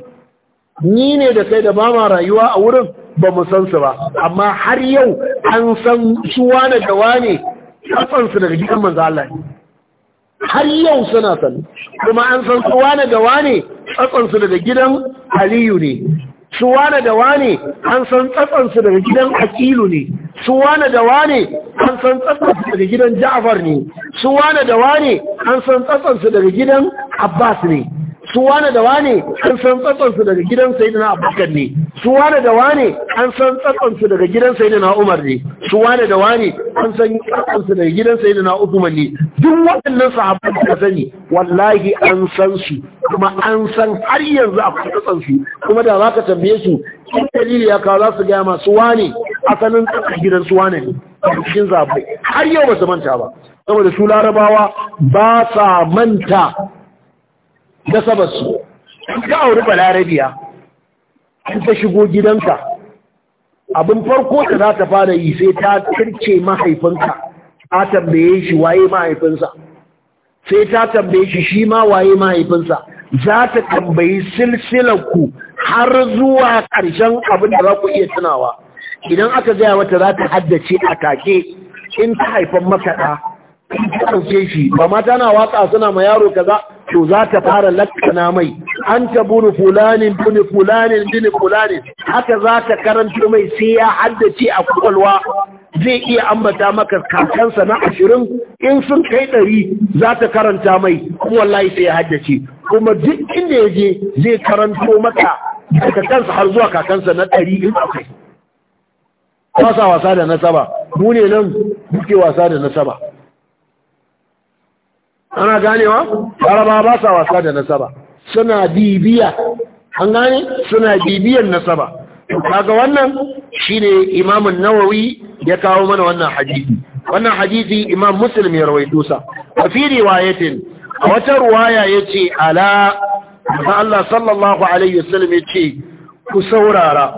ni ne da kai da ba ma rayuwa a wurin ba mu san su ba amma har yau an san su wane da wane kasan su daga gidan manzo Allah har yau suna san kuma an san su wane da wane kasan su daga gidan Aliyu ne su wane da wane an san tsatsansu daga gidan akilu ne su wane da wane an san tsatsansu daga gidan ja'far ne su wane da wane an san tsatsansu daga gidan abbas ne su wane da wane an san tsatsansu daga gidan sayidina abubakar ne su wane da wane an san tsatsansu daga gidan sayidina umar ne su wane da wane an san tsatsansu daga gidan sayidina usman ne duk waɗannan sahabban da sani wallahi an san su kuma an san har yanzu a su, kuma da za ka tambaye su in dalili ya kawo za su gaya masu wane asalin tsatsan gidan su wane ne a cikin zabai har yau ba su manta ba saboda su larabawa ba sa manta nasabarsu ka auri balarabiya in ta shigo gidanka abin farko da za ta fara yi sai ta kirce mahaifinka ta tambaye shi waye mahaifinsa sai ta tambaye shi shi ma waye mahaifinsa za ta tambayi silsilanku har zuwa ƙarshen abin da za ku iya tunawa idan aka gaya mata za ta haddace a take in ta haifan makaɗa in ta ɗauke shi ba mata na watsa suna ma yaro kaza to za ta fara lakana mai an ta buru fulanin buni fulanin bunu fulanin haka za ta karanta mai sai ya haddace a kwakwalwa zai iya ambata maka kakansa na ashirin in sun kai ɗari za ta karanta mai kuma wallahi sai ya haddace kuma duk inda ya je zai karanto maka kakansa kansa har zuwa kakansa na ɗari in akwai wasa wasa da nasaba mu ne nan buke wasa da nasaba ana ganewa laraba ba sa wasa da nasaba suna bibiya an gane suna bibiyan nasaba kaga wannan shine imamun nawawi ya kawo mana wannan hadisi wannan hadisi imam muslim ya rawaito sa a fi riwayatin a wata ruwaya yace ala da Allah sallallahu alaihi wasallam yace ku saurara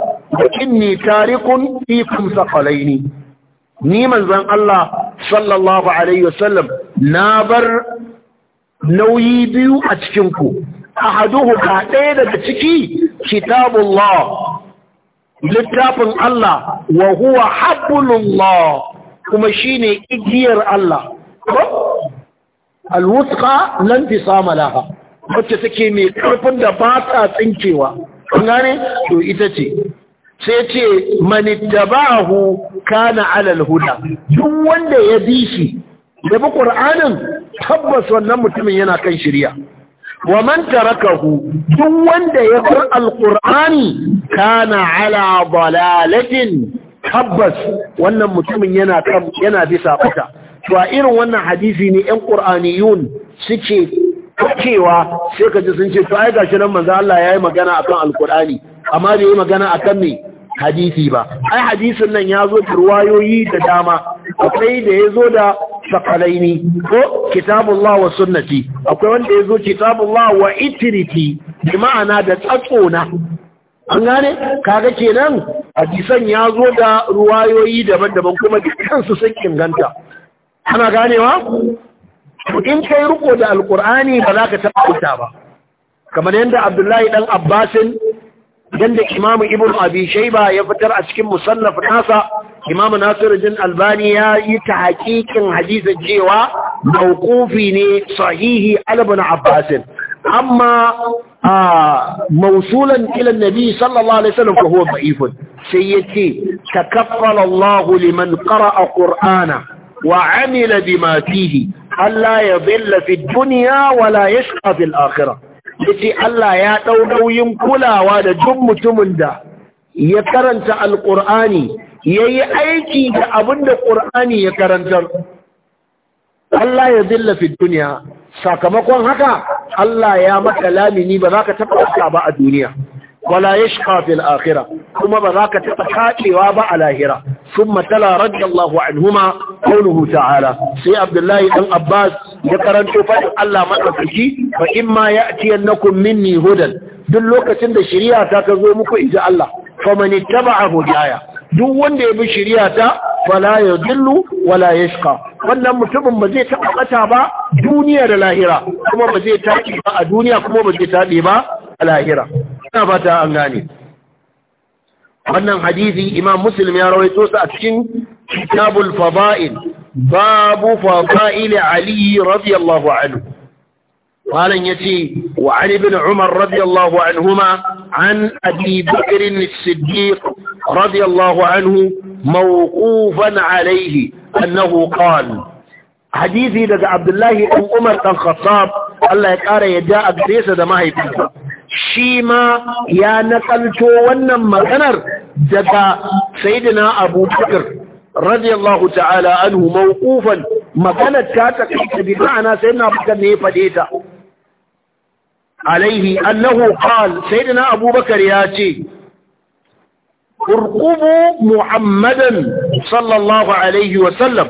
inni tarikun fikum saqalaini ni manzon Allah sallallahu alaihi wasallam na bar nauyi biyu a cikinku haduhu ka ɗaya daga ciki kitabullah littafin Allah wa huwa hablullah kuma shine igiyar Allah alwusqa fi sama laha wacce take mai ƙarfin da ba ta tsinkewa kun to ita ce sai ce manittaba'ahu kana alal huda duk wanda ya bi shi da bi ƙur'anin tabbas wannan mutumin yana kan shirya wa man tarakahu duk wanda ya bar alqur'ani kana ala dalalatin tabbas wannan mutumin yana kan yana bisa fata to a irin wannan hadisi ne ɗan qur'aniyun suke cewa sai ka ji sun ce to ai gashi nan manzo Allah yayi magana akan alqur'ani amma bai yayi magana akan me hadisi ba ai hadisin nan ya zo da ruwayoyi da dama akwai da ya zo da sakalaini ko kitabullah wa sunnati akwai wanda ya zo kitabullah wa itiriti da ma'ana da tsatsona an gane kaga kenan hadisan ya zo da ruwayoyi daban-daban kuma kansu sun inganta ana ganewa in kai riko da alkur'ani ba za ka taɓa ba kamar yadda abdullahi ɗan abbasin da imamu ibn abi shaiba ya fitar a cikin musannaf nasa imamu nasiruddin albani ya yi ta hakikin hadisin cewa mawqufi ne sahihi albin abbasin amma mausulan ila nabi sallallahu alaihi wasallam ko huwa da'ifun sai yace takaffala Allah liman qara'a qur'ana wa 'amila bima fihi alla yadhilla fi dunya wa la yashqa fil akhirah ya ce Allah ya ɗau ɗauyin kulawa da duk mutumin da ya karanta alƙur'ani ya yi aiki da abin da ƙur'ani ya karantar Allah ya zilla fi duniya sakamakon haka Allah ya mata lamini ba za ka taɓa ba a duniya wala yashqa fil akhirah kuma ba za ka taɓa kaɗewa ba a lahira thumma tala radiyallahu anhuma qawluhu ta'ala sai abdullahi dan abbas ya karanto fadin Allah madaukaki fa na ya'tiyannakum minni hudan duk lokacin da shirya ta zo muku inji Allah faman a hudaya duk wanda ya bi shirya ta fala ya dillu wala yashqa wannan mutumin ba zai taɓa bata ba duniya da lahira kuma ba zai taɓi ba a duniya kuma ba zai taɓi ba a lahira ina fata an wannan hadithi imam muslim ya rawai tosa a cikin kitabul faba'il babu faba'il ali radiyallahu anhu qalan yace wa ali ibn umar radiyallahu anhuma an abi bakr as-siddiq radiyallahu anhu mawqufan alayhi annahu qala hadithi daga Abdullahi ibn umar dan khattab Allah ya ƙara ya ja a gare sa da mahaifinsa shi ma ya nakalto wannan maganar daga sayyidina Abu Bakr radiyallahu ta'ala anhu mawqufan maganar ta takaita bi ma'ana sayyidina Bakr ne fade ta alaihi annahu qal sayyidina Abu Bakr ya ce urqubu muhammadan sallallahu alaihi wa sallam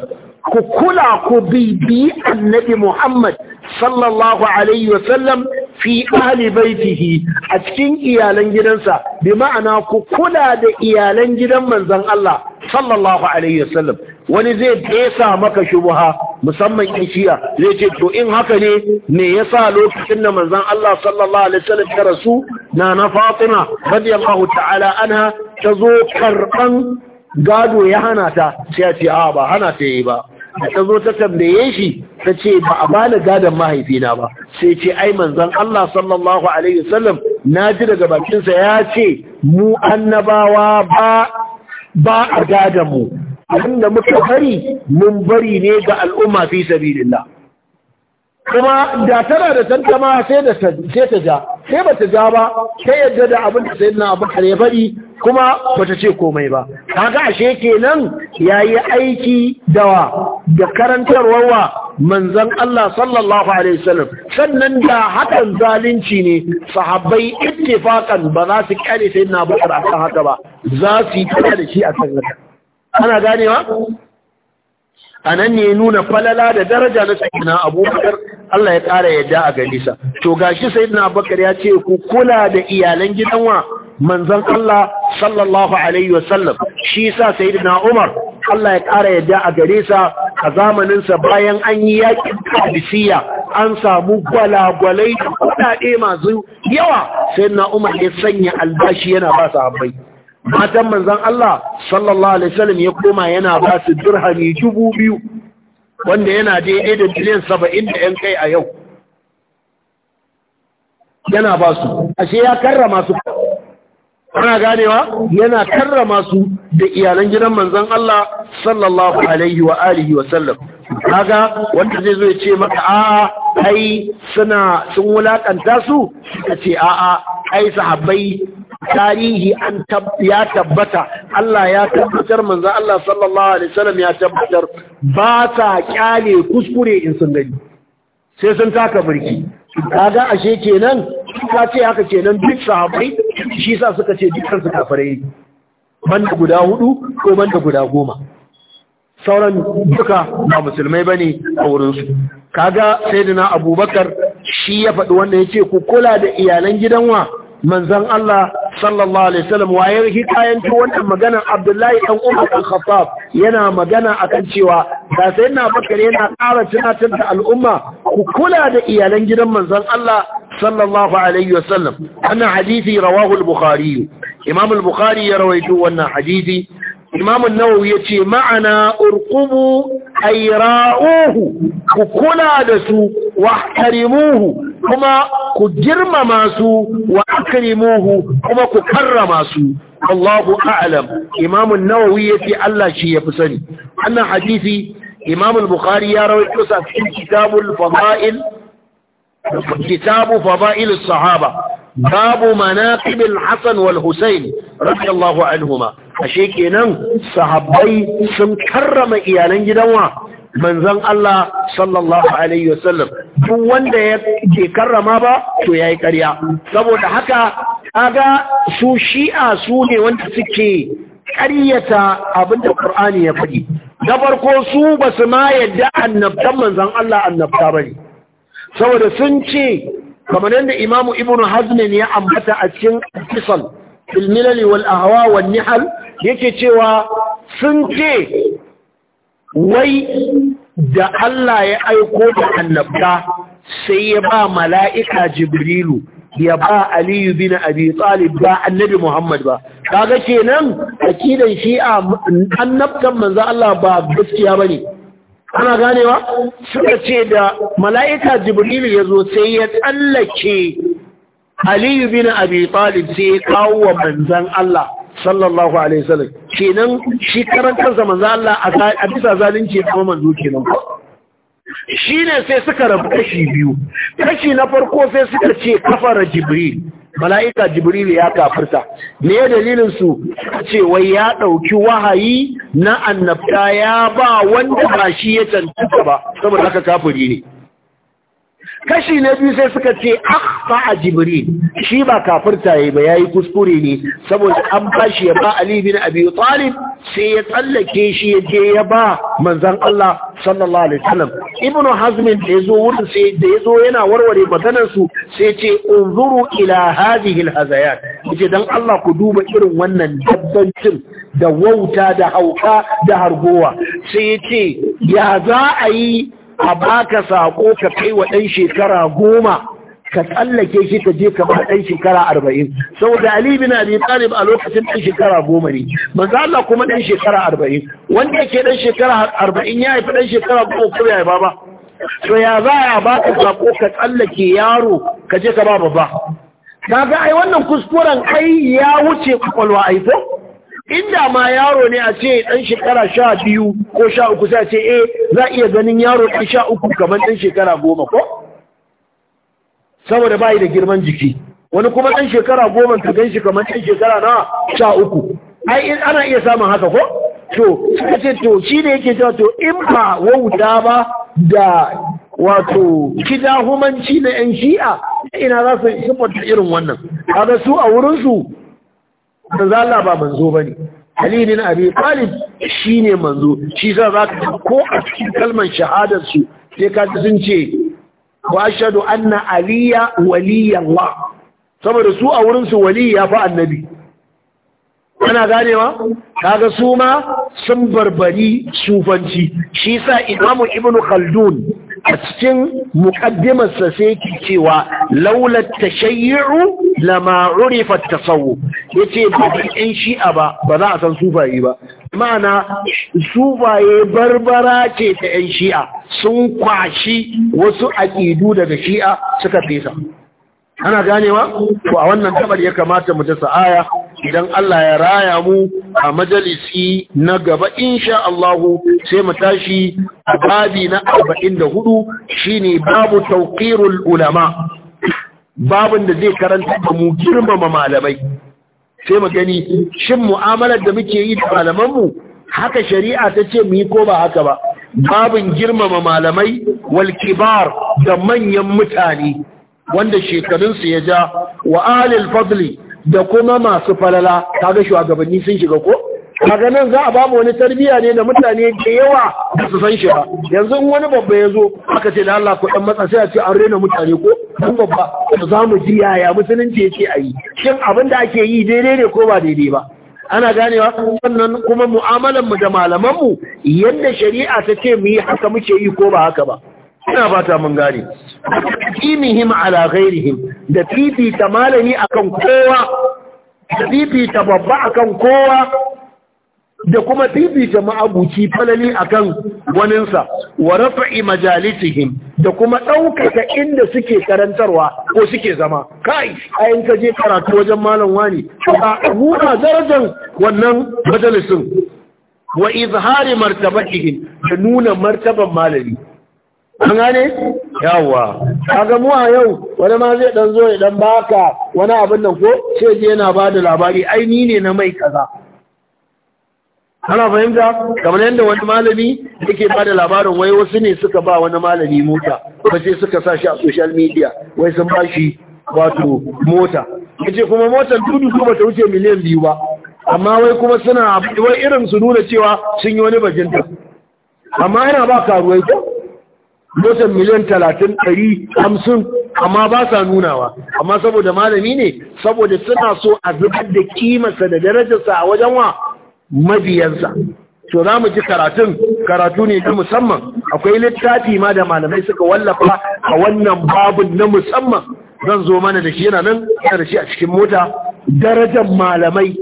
ku kula ku bibi annabi Muhammad sallallahu alaihi wa sallam fi ahli baitihi a cikin iyalan gidansa bi ma'ana ku kula da iyalan gidan manzon Allah sallallahu alaihi wasallam wani zai fesa maka shubuha musamman in shiya zai ce to in haka ne me yasa lokacin da manzon Allah sallallahu alaihi wasallam ya rasu na na Fatima radiyallahu ta'ala anha ta zo karban gado ya hana ta sai ya ce a ba hana ta yi ba ta zo ta tambaye shi ta ce ba a bani gadon mahaifina ba sai ce ai manzon Allah sallallahu alaihi wasallam ji daga bakinsa ya ce mu annabawa ba ba a gada mu abinda muka bari mun bari ne ga al'umma fi sabilillah kuma da tana da tantama sai da sai ta ja sai bata ja ba sai yadda da abin da sayyidina Abubakar ya bari kuma bata ce komai ba kaga ashe kenan yayi aiki dawa da karantarwar wa manzon Allah sallallahu alaihi wasallam sannan da hakan zalunci ne sahabbai ittifaqan ba za su kare sayyidina Abubakar akan haka ba za su yi da shi akan haka ana ganewa a nan ne nuna falala da daraja na sayyidina abubakar Allah ya ƙara yadda a gare to gashi na abubakar ya ce ku kula da iyalan gidan wa manzon Allah sallallahu alaihi wasallam shi yasa na Umar Allah ya ƙara yadda a gare a zamaninsa bayan an yi yakin Qadisiyya an samu gwalagwalai da kuɗaɗe masu yawa na Umar ya sanya albashi yana ba abai matan manzan Allah sallallahu alaihi wasallam ya koma yana ba su dirhami dubu biyu wanda yana daidai da miliyan saba'in da yan kai a yau yana ba su ashe ya karrama su ana ganewa yana karrama su da iyalan gidan manzan Allah sallallahu alaihi wa alihi wa sallam kaga wanda zai zo ya ce maka a ai suna sun wulakanta su suka ce a a ai sahabbai tarihi an ya tabbata Allah ya tabbatar manzo Allah sallallahu alaihi wasallam ya tabbatar ba ta kyale kuskure in sun gani sai sun taka burki kaga ashe kenan ka ce haka kenan duk sahabai! shi sa suka ce dukkan su kafare. kafirai banda guda hudu ko banda guda goma sauran duka ba musulmai bane a wurinsu kaga sayyidina abubakar shi ya faɗi wanda yace ku kula da iyalan gidanwa manzon Allah sallallahu alaihi wasallam wayar hikayanci wannan maganar Abdullahi dan Umar dan Khattab yana magana akan cewa da sayyidina Bakar yana ƙara tunatar da al'umma ku kula da iyalan gidan manzon Allah sallallahu alaihi wasallam wannan hadisi rawahu al-Bukhari Imam al-Bukhari ya rawaito wannan hadisi Imamun an ya ce ma'ana urqubu ay ku kula da su wa karimuhu kuma ku girmama su wa akrimuhu kuma ku karrama su Allahu a'lam imamun an ya yace Allah shi yafi sani wannan hadisi imamul bukhari ya rawaito sa cikin kitabul fada'il kitabu fada'il as-sahaba babu manaqibul Hassan wal husayn radiyallahu anhuma ashe kenan sahabbai sun karrama iyalan gidanwa manzon Allah sallallahu alaihi wasallam duk wanda yake karrama ba to yayi ƙarya saboda haka kaga su shi'a su ne wanda suke ƙaryata abinda Qur'ani ya faɗi na farko su basu ma yadda annabtan manzon Allah annabta bane saboda sun ce kamar yadda imamu ibnu hazmin ya ambata a cikin kisal ilmilali wal ahawa wal nihal yake cewa sun ce wai da Allah ya aiko da annabta sai ya ba mala'ika jibrilu ya ba aliyu bin abi talib ba annabi muhammad ba kaga kenan akidan shi'a annabtan manzo Allah ba gaskiya bane ana ganewa suka ce da mala'ika jibril ya zo sai ya tsallake aliyu bin abi talib sai ya kawo wa manzan Allah sallallahu alaihi wasallam kenan shi karan kansa manzan Allah a bisa zalunci kuma manzo kenan ne sai suka rabu kashi biyu kashi na farko sai suka ce kafara jibril mala'ika jibril ya kafirta me ya dalilin su ce wai ya ɗauki wahayi na annabta ya ba wanda ba shi ya cancanta ba saboda haka kafiri ne kashi na biyu sai suka ce akhfa a jibril shi ba kafirta yayi ba yayi kuskure ne saboda an bashi ya ba ali bin abi talib sai ya tsallake shi ya je ya ba manzon Allah sallallahu alaihi wasallam ibnu hazm da yazo wurin sai da yazo yana warware maganar su sai ce unzuru ila hadhihi alhazayat yace dan Allah ku duba irin wannan dabbancin da wauta da hauka da hargowa sai yace ya za a yi a baka sako ka kai wa ɗan shekara goma ka tsallake shi ka je ka ba ɗan shekara arba'in saboda ali bin abi talib a lokacin ɗan shekara goma ne manzo Allah kuma ɗan shekara arba'in wanda yake ɗan shekara arba'in ya haifi ɗan shekara goma ko ya haifa ba to ya za a baka sako ka tsallake yaro ka je ka ba babba kaga ai wannan kuskuren ai ya wuce kwakwalwa ai ko inda ma yaro ne a ce ɗan shekara sha biyu ko sha uku sai ce eh za iya ganin yaro ɗan sha uku kamar ɗan shekara goma ko saboda bayi da girman jiki wani kuma ɗan shekara goma ka gan shi kamar ɗan shekara na sha uku ai ana iya samun haka ko to suka ce to shi ne yake cewa to in ba wauta ba da wato kida humanci na 'yan shi'a ina za su siffanta irin wannan kaga su a wurin su za Allah ba manzo bane Ali bin Abi Talib ne manzo shi ka zaka ko a cikin kalmar shahadarsu. sai ka sun ce wa ashhadu anna aliya wa? saboda su a wurinsu wali ya fa annabi ana ganewa kaga su ma sun barbari sufanci shi sa imamu Ibn Khaldun a cikin sa sai yake cewa laula tashayyu lama urifa tasawu yace ba yan shi'a ba ba za a san sufaye ba ma'ana sufaye barbara ce ta ɗan shi'a sun kwashi wasu aqidu daga shi'a suka fesa ana ganewa to a wannan tabar ya kamata mu ta sa'aya idan Allah ya raya mu a majalisi na gaba insha Allahu sai mu tashi a babi na 44 shine babu tawqirul ulama babin da zai karanta da mu girmama malamai sai mu gani shin mu'amalar da muke yi da malaman mu haka shari'a ta ce mu yi ko ba haka ba babin girmama malamai wal kibar da manyan mutane wanda shekarunsu ya ja wa alil fadli da kuma masu falala kaga shugabanni sun shiga ko kaga nan za a bamu wani tarbiyya ne da mutane da yawa da su san shi ba yanzu in wani babba ya zo aka ce da Allah ku dan matsa sai a ce an rena mutane ko dan babba za mu ji yaya musulunci yake a yi shin abin da ake yi daidai ne ko ba daidai ba ana ganewa Wannan kuma mu'amalar mu da malaman mu yadda shari'a ta ce mu yi haka muke yi ko ba haka ba ina ba ta mun gane kimihim ala ghairihim da fifita malami akan kowa da fifita babba akan kowa da kuma fifita ma'abuci falali akan waninsa wa rafa'i majalisihim da kuma ɗaukaka inda suke karantarwa ko suke zama kai ayin ka je karatu wajen malam wani a nuna darajar wannan majalisin wa izhari martabatihim da nuna martaban malami an gane Yawwa. kaga mu a yau wani ma zai dan zo ya dan baka wani abin nan ko sai je yana ba da labari ai ne na mai kaza ana fahimta kamar yadda wani malami yake ba da labarin wai wasu ne suka ba wani malami mota ba sai suka sa shi a social media wai sun ba shi wato mota yace kuma motar dudu ko ta wuce miliyan biyu ba amma wai kuma suna wai irin su nuna cewa sun yi wani bajinta amma yana ba karuwai ko motar miliyan talatin ɗari hamsin amma ba sa nunawa amma saboda malami ne saboda suna so a zubar da kimarsa da darajarsa a wajen wa mabiyansa to za mu ji karatun karatu ne na musamman akwai littafi ma da malamai suka wallafa a wannan babun na musamman zan zo mana da shi yana nan yana da shi a cikin mota darajar malamai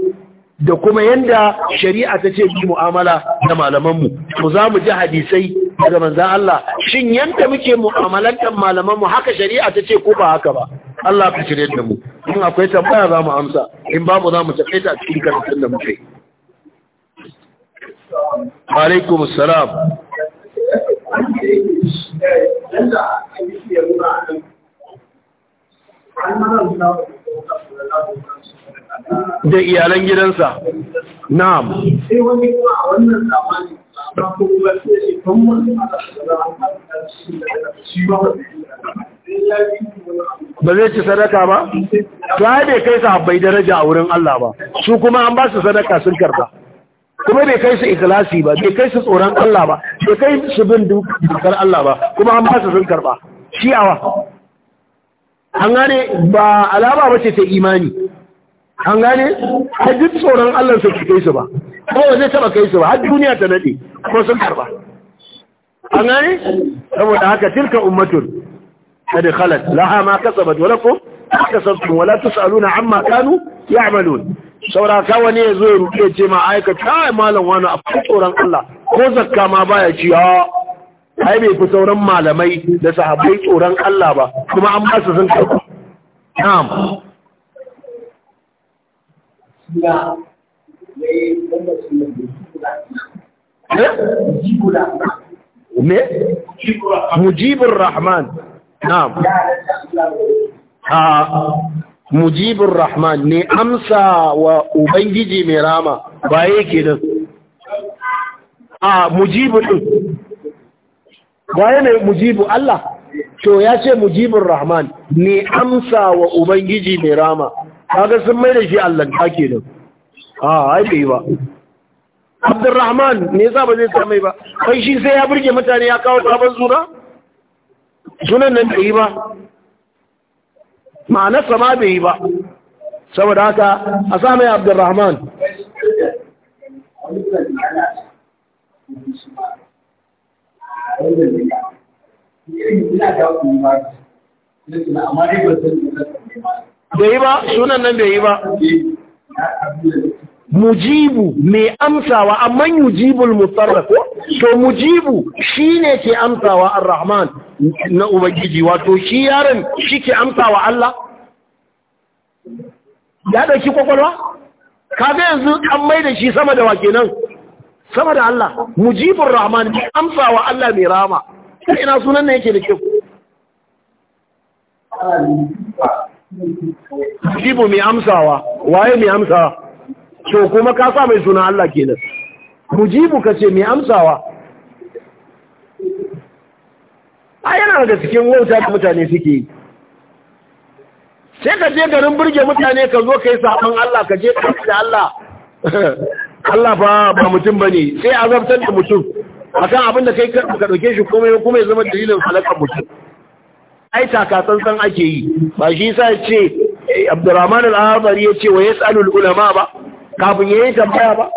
da kuma yanda shari'a ta ce bi mu'amala da malamanmu to za mu ji hadisai daga manzan Allah shin yanda muke mu'amalantar malaman mu haka shari'a ta ce ko ba haka ba Allah ka shirye da mu in akwai tambaya za mu amsa in babu za mu takaita a cikin karatun da muke alaikum salam da iyalan gidansa na'am sai wani kuma a wannan zamani ba zai ci sadaka ba to ai bai kai su bai daraja a wurin Allah ba su kuma an ba su sadaka sun karba kuma bai kai su ikilasi ba bai kai su tsoron Allah ba bai kai su bin dukkan Allah ba kuma an ba su sun karba shi awa an gane ba alama ba ce ta imani an gane hajji duk tsoron Allah su kai su ba ko zai taba kai su ba hajji duniya ta nade ko sun karba an gani saboda haka tilka ummatun hadi khalat laha ma kasabat walakum kasabtum wala tusaluna amma kanu ya'malun saura ka wani yazo ya ruke ce ma aika ai malam wani a tsoron Allah ko zakka ma baya ci ha ai bai fi sauran malamai da sahabbai tsoron Allah ba kuma an ba su sun karba na'am ya me mujibur rahman na'am a rahman ne amsa wa ubangiji mai rama ba ya ke da a mujibu din ba ya yana mujibu Allah to ya ce mujibin rahman ne amsa wa ubangiji mai rama ga sun mai da shi allah take nan a haife ba Abdurrahman me yasa ba zai samai ba kai shi sai ya burge mutane ya kawo sabon suna sunan nan bai yi ba ma'anar sama bai yi ba saboda haka a samai Abdurrahman bai yi ba sunan nan bai yi ba mujibu mai amsawa amma yujibul mutarra ko to mujibu shine ke amsawa ar-rahman na ubangiji wato shi yaron shike amsawa Allah ya dauki kokolwa kaga yanzu an mai da shi sama da wake nan sama da Allah mujibur rahman bi amsawa Allah mai rama ina sunan ne yake da kyau mujibu mai amsawa waye mai amsawa to kuma ka sa mai suna Allah kenan mujibu ka ce mai amsawa a yana daga cikin wauta da mutane suke yi sai ka je garin burge mutane ka zo ka yi Allah ka je ka da Allah Allah ba ba mutum ba sai azabtar da mutum a kan abin da kai ka ɗauke shi kuma kuma ya zama dalilin halakar mutum ai tsantsan ake yi ba shi sa ce eh, abdurrahman al ya ce wa ya tsalul ulama ba kafin ya yi tambaya ba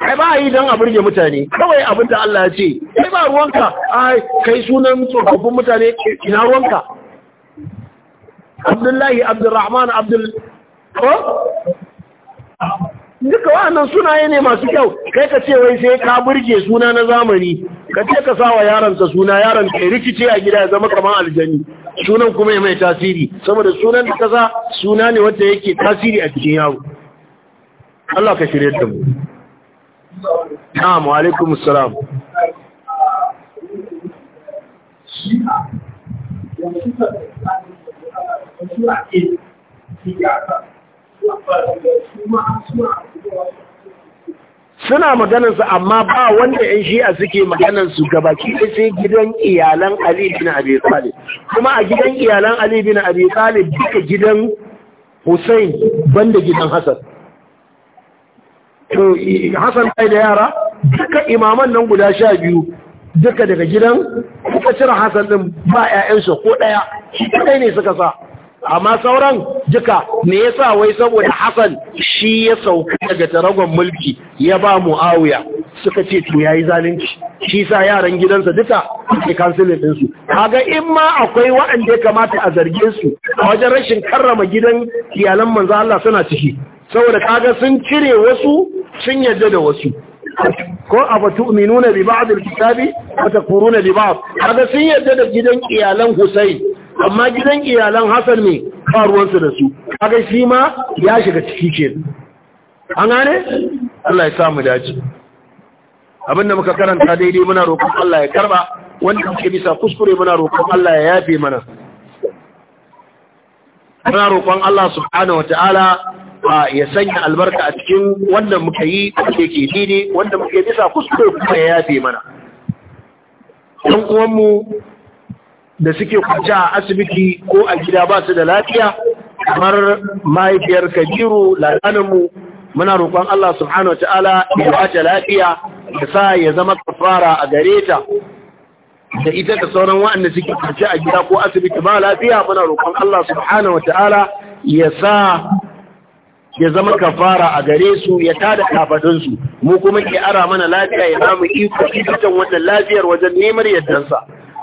ai ba yi don a burge mutane kawai abin da Allah ya ce kai ba ruwanka ai kai sunan tsofaffin mutane ina ruwanka abdullahi abdurrahman abdul ko duka wa'annan sunaye ne masu kyau kai ka ce wai sai ka burge suna na zamani ka ce ka sawa yaronsa suna yaron kai rikice a gida ya zama kamar aljani sunan kuma ya mai tasiri saboda sunan da ka sa suna ne wanda yake tasiri a cikin yaro Allah ka shirye da mu na'am alaikum assalam suna maganansu amma ba wanda ‘yan shi'a suke maganarsu gabaki sai gidan iyalan Ali bin Abi Talib kuma a gidan iyalan Ali bin Abi Talib duka gidan Hussein banda gidan Hassan Hassan da yara duka imaman nan guda sha biyu duka daga gidan suka cire Hassan din ba 'ya'yansa ko ɗaya shi kadai ne suka sa amma sauran duka me yasa wai saboda Hassan shi ya sauka daga taragon mulki ya ba mu’awuya suka ce to yi zalunci shi sa yaran gidansa duka ke kansilin ɗinsu kaga in ma akwai waɗanda ya kamata a zarge su a wajen rashin karrama gidan iyalan manzo Allah suna ciki saboda kaga sun cire wasu sun yadda da wasu ko afa tu'minuna bi ba'd al-kitabi wa takfuruna bi ba'd kaga sun yadda da gidan iyalan Husayn amma gidan iyalan Hassan ne ba su da su kaga shi ma ya shiga ciki ke an gane Allah ya samu dace abinda muka karanta daidai muna roƙon Allah ya karba wanda muke bisa kuskure muna roƙon Allah ya yafe mana muna roƙon Allah subhanahu ta'ala. ya sanya albarka a cikin wanda muka yi ake ke dide wanda muka yi bisa kuskure kuma ya yafe mana ɗan uwanmu da suke kwanci a asibiti ko a gida ba su da lafiya kamar mahaifiyar kabiru lalaninmu muna roƙon Allah subhanahu wa ta'ala ya wata lafiya ya sa ya zama kafara a gare ta da ita da sauran wa'anda suke kwanci a gida ko asibiti ba lafiya muna roƙon Allah subhanahu wa ta'ala ya sa ya zama kafara a gare su ya tada kafadunsu mu kuma ke ara mana lafiya ya samu iko ikatan wannan lafiyar wajen neman yardansa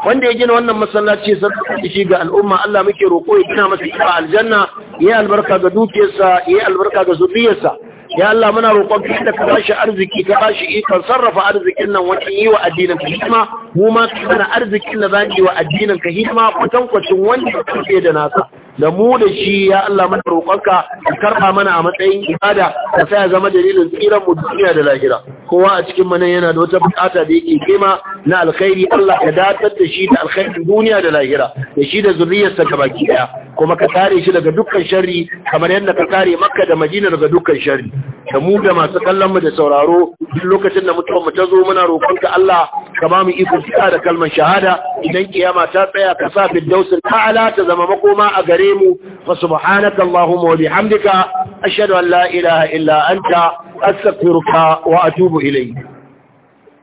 wanda ya gina wannan masallaci sarrafa shi ga al'umma Allah muke roƙo ya gina masa ifa aljanna ya albarka ga dukiyarsa ya albarka ga zuriyarsa ya Allah muna roƙon ka da ka bashi arziki ka bashi ikon sarrafa arzikin nan wajen yi wa addinin ka hidima mu ma ka arzikin da za yi wa addinin ka hidima kwatankwacin wanda ya da nasa da mu da shi ya Allah mana roƙonka ka karba mana a matsayin ibada ka sa ya zama dalilin tsiran mu duniya da lahira kowa a cikin mana yana da wata bukata da yake kima na alkhairi Allah ya datar da shi da alkhairin duniya da lahira da shi da zuriyarsa gaba baki daya kuma ka kare shi daga dukkan sharri kamar yadda ka kare Makka da Madina daga dukkan sharri da mu da masu kallon mu da sauraro duk lokacin da mutuwar mu ta zo muna roƙonka Allah ka ba mu iko da kalmar shahada idan kiyama ta tsaya ka sa firdausul ta'ala ta zama makoma a gare gare mu fa subhanaka allahumma wa bihamdika ashhadu an la ilaha illa anta astaghfiruka wa atubu ilayk